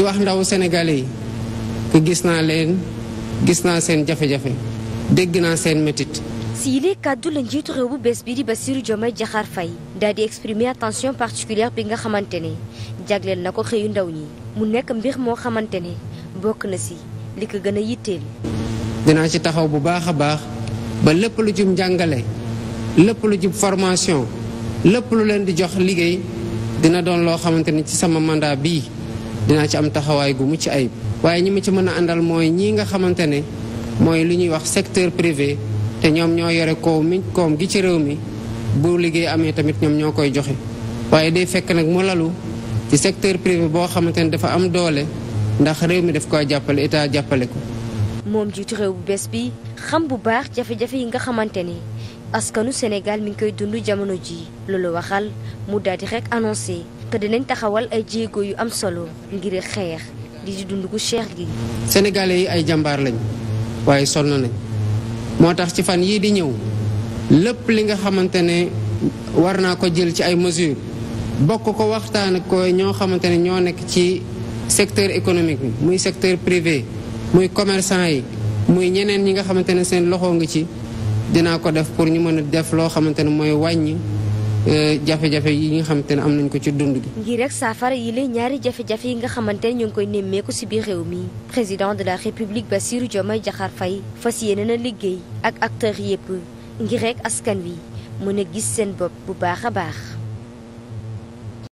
di wax ndawu sénégalais yi que gis naa leen gis naa seen jafe-jafe dégg naa seen métit si lii kàddu la njiitu réew bu bees bi di Bassirou Diomaye Diakhar Faye daal di exprimer attention particulière bi nga xamante ne jagleel na ko xëyu ndaw ñi mu nekk mbir moo xamante ne bokk na si li ko gën a yitteel dinaa ci taxaw bu baax a baax ba lépp lu jub jàngale lépp lu jub formation lépp lu leen di jox liggéey dina doon loo xamante ni ci sama mandat bii dinaa ci am taxawaay gu mucc ayib waaye ñi ma ci mën a àndal mooy ñii nga xamante ne mooy li ñuy wax secteur privé te ñoom ñoo yore koom mi koom gi ci réew mi bu liggéey amee tamit ñoom ñoo koy joxe waaye day fekk nag mu lalu ci secteur privé boo xamante ne dafa am doole ndax réew mi daf koy jàppale état jàppale ko. moom jiitu réew bu bees bi xam bu baax jafe-jafe yi nga xamante ni askanu Sénégal mi ngi koy dund jamono ji loolu waxal mu daal di rek te dinañ taxawal ay jéego yu am solo ngir xeex di dund gu cher gi. Sénégalais yi ay jàmbaar lañ waaye sol sonn nañ moo tax ci fan yii di ñëw lépp li nga xamante ne war naa ko jël ci ay mesures bokk ko waxtaan ko ñoo xamante ne ñoo nekk ci secteur économique bi muy secteur privé muy commerçant yi muy ñeneen ñi nga xamante ne seen loxo ngi ci dinaa ko def pour ñu mën a def loo xamante ne mooy wàññi. Euh, jafe-jafe yi nga xamante ne am nañ ko ci dund gi. ngir rek saafara yi la ñaari jafe-jafe yi nga xamante ne ñu ngi koy nemmeeku ci biir réew mi président de la république Bassirou Diomaye Diakhar fay fas yéene na liggéey ak acteurs yépp ngir rek askan wi mën a gis seen bopp bu baax a baax.